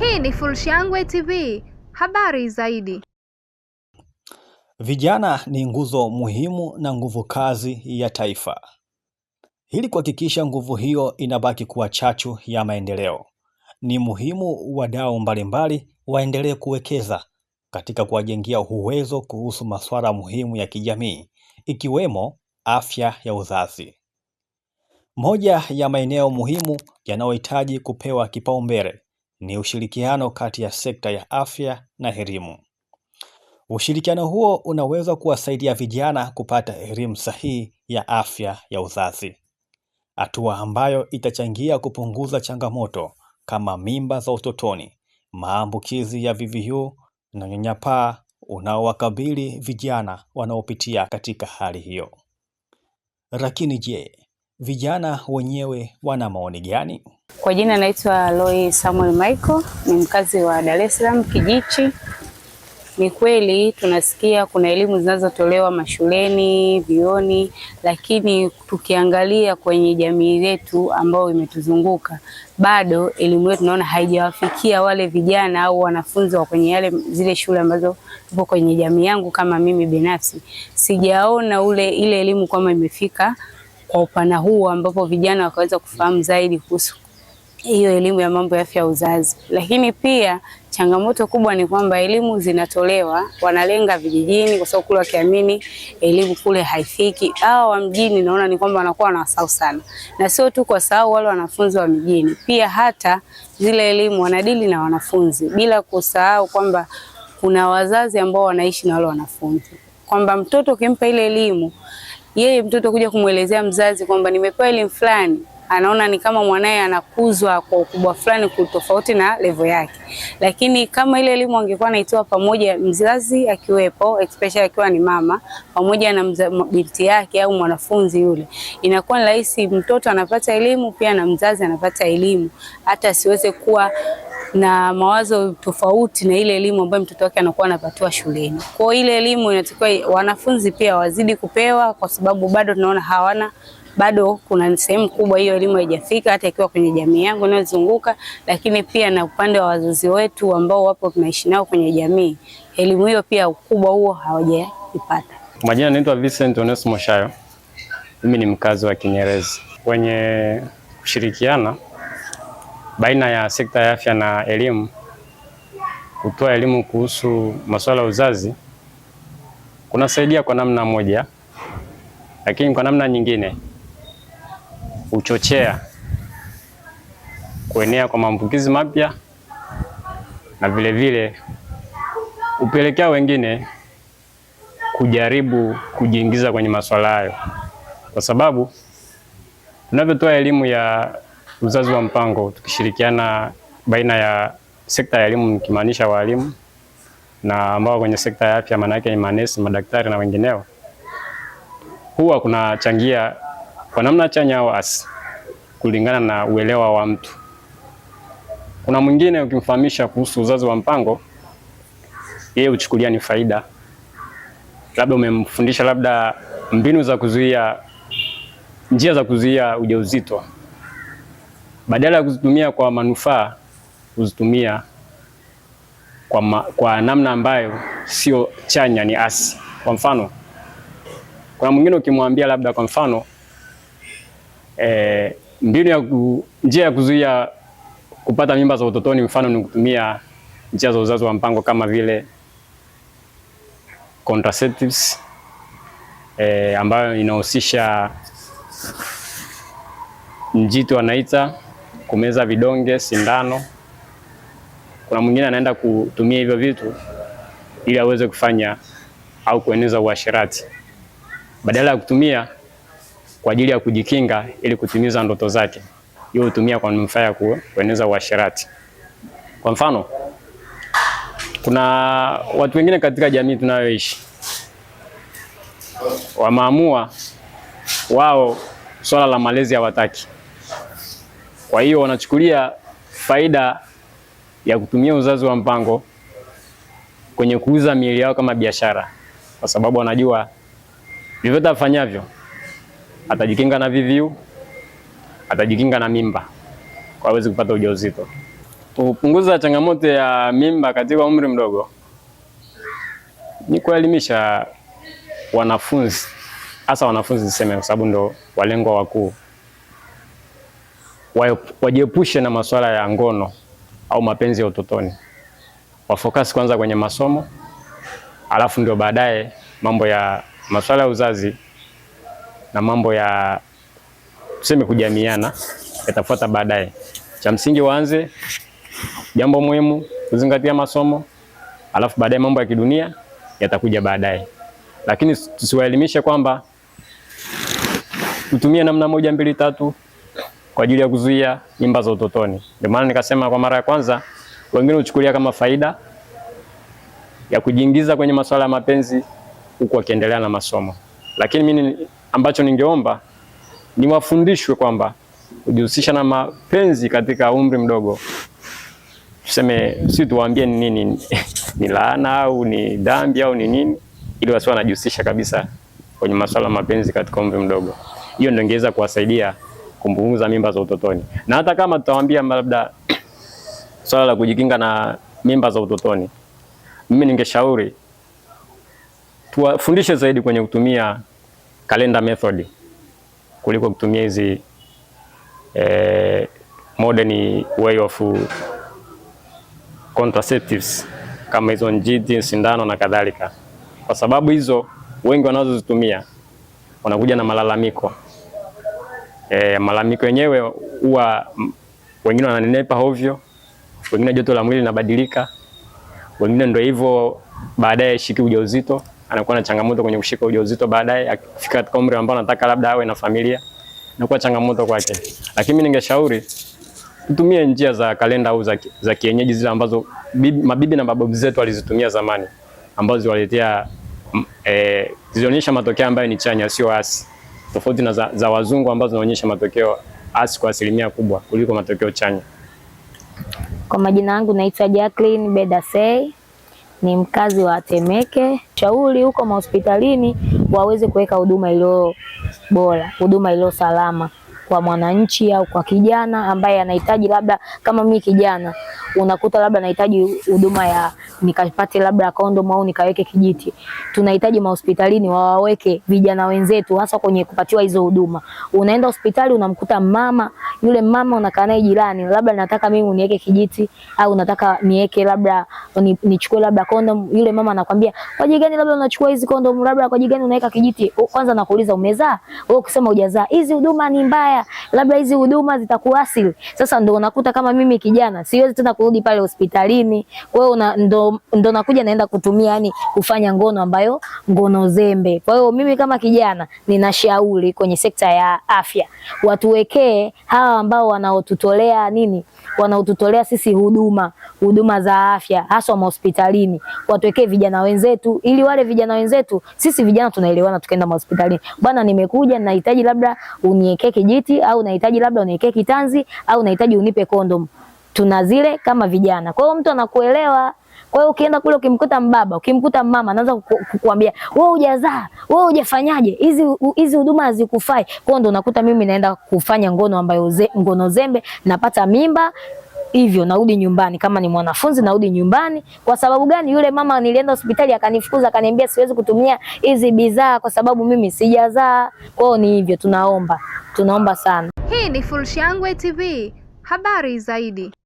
Hii ni Fullshangwe TV, habari zaidi. Vijana ni nguzo muhimu na nguvu kazi ya taifa. Ili kuhakikisha nguvu hiyo inabaki kuwa chachu ya maendeleo, ni muhimu wadau mbalimbali waendelee kuwekeza katika kuwajengia uwezo kuhusu masuala muhimu ya kijamii ikiwemo afya ya uzazi. Moja ya maeneo muhimu yanayohitaji kupewa kipaumbele ni ushirikiano kati ya sekta ya afya na elimu. Ushirikiano huo unaweza kuwasaidia vijana kupata elimu sahihi ya afya ya uzazi, hatua ambayo itachangia kupunguza changamoto kama mimba za utotoni, maambukizi ya VVU na unyanyapaa unaowakabili vijana wanaopitia katika hali hiyo. Lakini je, vijana wenyewe wana maoni gani? Kwa jina naitwa Loi Samuel Michael, ni mkazi wa Dar es Salaam Kijichi. Ni kweli tunasikia kuna elimu zinazotolewa mashuleni, vioni, lakini tukiangalia kwenye jamii yetu ambayo imetuzunguka bado elimu yetu tunaona haijawafikia wale vijana au wanafunzi wa kwenye yale zile shule ambazo tupo kwenye jamii yangu. Kama mimi binafsi sijaona ule ile elimu kama imefika kwa upana huu ambapo vijana wakaweza kufahamu zaidi kuhusu hiyo elimu ya mambo ya afya ya uzazi. Lakini pia changamoto kubwa ni kwamba elimu zinatolewa, wanalenga vijijini, kwa sababu kule wakiamini elimu kule haifiki. Hao wa mjini naona ni kwamba wanakuwa wanawasahau sana, na sio tu kwa sahau wale wanafunzi wa mjini, pia hata zile elimu wanadili na wanafunzi, bila kusahau kwamba kuna wazazi ambao wanaishi na wale wanafunzi, kwamba mtoto ukimpa ile elimu, yeye mtoto kuja kumwelezea mzazi kwamba nimepewa elimu fulani anaona ni kama mwanaye anakuzwa kwa ukubwa fulani kutofauti na levo yake. Lakini kama ile elimu angekuwa anaitoa pamoja, mzazi akiwepo, especially akiwa ni mama pamoja na binti yake au mwanafunzi yule, inakuwa ni rahisi, mtoto anapata elimu pia na mzazi anapata elimu, hata asiweze kuwa na mawazo tofauti na ile elimu ambayo mtoto wake anakuwa anapatiwa shuleni. Kwa ile elimu inatakiwa wanafunzi pia wazidi kupewa, kwa sababu bado tunaona hawana bado kuna sehemu kubwa hiyo elimu haijafika, hata ikiwa kwenye jamii yangu inayozunguka, lakini pia na upande wa wazazi wetu ambao wapo tunaishi nao kwenye jamii, elimu hiyo pia ukubwa huo hawajaipata. Majina naitwa Vincent Onesmo Shayo, mimi ni mkazi wa Kinyerezi. Kwenye kushirikiana baina ya sekta ya afya na elimu kutoa elimu kuhusu masuala ya uzazi kunasaidia kwa namna moja, lakini kwa namna nyingine huchochea kuenea kwa maambukizi mapya na vilevile hupelekea wengine kujaribu kujiingiza kwenye masuala hayo, kwa sababu tunavyotoa elimu ya uzazi wa mpango tukishirikiana baina ya sekta ya elimu, nikimaanisha walimu na ambao kwenye sekta ya afya, maana yake ni manesi, madaktari na wengineo, huwa kunachangia kwa namna chanya au hasi, kulingana na uelewa wa mtu. Kuna mwingine ukimfahamisha kuhusu uzazi wa mpango, yeye uchukulia ni faida. Labda umemfundisha labda mbinu za kuzuia, njia za kuzuia ujauzito, badala ya kuzitumia kwa manufaa, huzitumia kwa, ma, kwa namna ambayo sio chanya, ni asi. Kwa mfano kuna mwingine ukimwambia labda kwa mfano eh, mbinu ya ku, njia ya kuzuia kupata mimba za utotoni mfano ni kutumia njia za uzazi wa mpango kama vile contraceptives eh, ambayo inahusisha mjito anaita kumeza vidonge, sindano. Kuna mwingine anaenda kutumia hivyo vitu ili aweze kufanya au kueneza uasherati badala ya kutumia kwa ajili ya kujikinga ili kutimiza ndoto zake. Hiyo hutumia kwa manufaa ya kueneza uasherati. Kwa mfano, kuna watu wengine katika jamii tunayoishi wameamua wao swala la malezi hawataki, kwa hiyo wanachukulia faida ya kutumia uzazi wa mpango kwenye kuuza miili yao kama biashara, kwa sababu wanajua vyovyote afanyavyo atajikinga na VVU, atajikinga na mimba, kwa hawezi kupata ujauzito. Kupunguza changamoto ya mimba katika umri mdogo ni kuelimisha wanafunzi, hasa wanafunzi niseme, kwa sababu ndo walengwa wakuu, wajiepushe na masuala ya ngono au mapenzi ya utotoni, wafokasi kwanza kwenye masomo, alafu ndio baadaye mambo ya masuala ya uzazi na mambo ya tuseme kujamiana yatafuata baadaye. Cha msingi waanze jambo muhimu, kuzingatia masomo, alafu baadaye mambo ya kidunia yatakuja baadaye, lakini tusiwaelimishe kwamba tutumie namna moja mbili tatu kwa ajili ya kuzuia mimba za utotoni. Ndio maana nikasema kwa mara ya kwanza wengine huchukulia kama faida ya kujiingiza kwenye masuala ya mapenzi huku wakiendelea na masomo, lakini mimi ambacho ningeomba niwafundishwe kwamba kujihusisha na mapenzi katika umri mdogo, tuseme si tuwaambie ni nini, ni laana au ni dhambi au ni nini, ili wasiwe wanajihusisha kabisa kwenye masuala ya mapenzi katika umri mdogo. Hiyo ndio ingeweza kuwasaidia kumpunguza mimba za utotoni, na hata kama tutawaambia labda swala la kujikinga na mimba za utotoni, mimi ningeshauri tuwafundishe zaidi kwenye kutumia calendar method kuliko kutumia hizi eh, modern way of contraceptives kama hizo njiti, sindano na kadhalika, kwa sababu hizo wengi wanazozitumia wanakuja na malalamiko eh, malalamiko yenyewe huwa wengine wananenepa hovyo, wengine joto la mwili linabadilika, wengine ndio hivyo baadaye shiki ujauzito anakuwa na changamoto kwenye kushika ujauzito baadaye, akifika katika umri ambao anataka labda awe na familia, inakuwa changamoto kwake. Lakini mimi ningeshauri tutumie njia za kalenda au za, kienyeji zile ambazo bibi, mabibi na mababu zetu walizitumia zamani ambazo ziwaletea mm, e, eh, zilionyesha matokeo ambayo ni chanya, sio hasi, tofauti na za, za wazungu ambazo zinaonyesha matokeo hasi kwa asilimia kubwa kuliko matokeo chanya. Kwa majina yangu naitwa Jacqueline Bedasei ni mkazi wa Temeke. Shauri huko mahospitalini waweze kuweka huduma iliyo bora, huduma iliyo salama kwa mwananchi au kwa kijana ambaye anahitaji, labda kama mimi kijana unakuta labda nahitaji huduma ya nikapate labda kondomu au nikaweke kijiti, tunahitaji mahospitalini wawaweke vijana wenzetu, hasa kwenye kupatiwa hizo huduma. Unaenda hospitali unamkuta mama, yule mama unakaa naye jirani, labda nataka mimi uniweke kijiti au nataka niweke labda nichukue labda kondomu, yule mama anakwambia kwa ajili gani labda unachukua hizi kondomu, labda kwa ajili gani unaweka kijiti? Kwanza nakuuliza umezaa wewe? Ukisema hujazaa, hizi huduma ni mbaya, labda hizi huduma zitakuasili. Sasa ndio unakuta kama mimi kijana siwezi tena kurudi pale hospitalini. Kwa hiyo ndo, ndo nakuja naenda kutumia yani kufanya ngono ambayo ngono zembe. Kwa hiyo mimi kama kijana ninashauri kwenye sekta ya afya watuwekee hawa ambao wanaotutolea nini, wanaotutolea sisi huduma huduma za afya haswa mahospitalini, watuwekee vijana wenzetu, ili wale vijana wenzetu sisi vijana tunaelewana, tukaenda mahospitalini, bwana, nimekuja nahitaji labda uniekee kijiti au nahitaji labda uniekee kitanzi au nahitaji unipe kondomu tuna zile kama vijana. Kwa hiyo mtu anakuelewa. Kwa hiyo ukienda kule ukimkuta mbaba, ukimkuta mama anaanza kukuambia, "Wewe hujazaa, wewe hujafanyaje? Hizi hizi huduma hazikufai." Kwa hiyo ndo unakuta mimi naenda kufanya ngono ambayo ze, ngono zembe, napata mimba hivyo narudi nyumbani, kama ni mwanafunzi narudi nyumbani. Kwa sababu gani? Yule mama nilienda hospitali akanifukuza, akaniambia siwezi kutumia hizi bidhaa kwa sababu mimi sijazaa. Kwao ni hivyo, tunaomba tunaomba sana. Hii ni Fullshangwe TV, habari zaidi.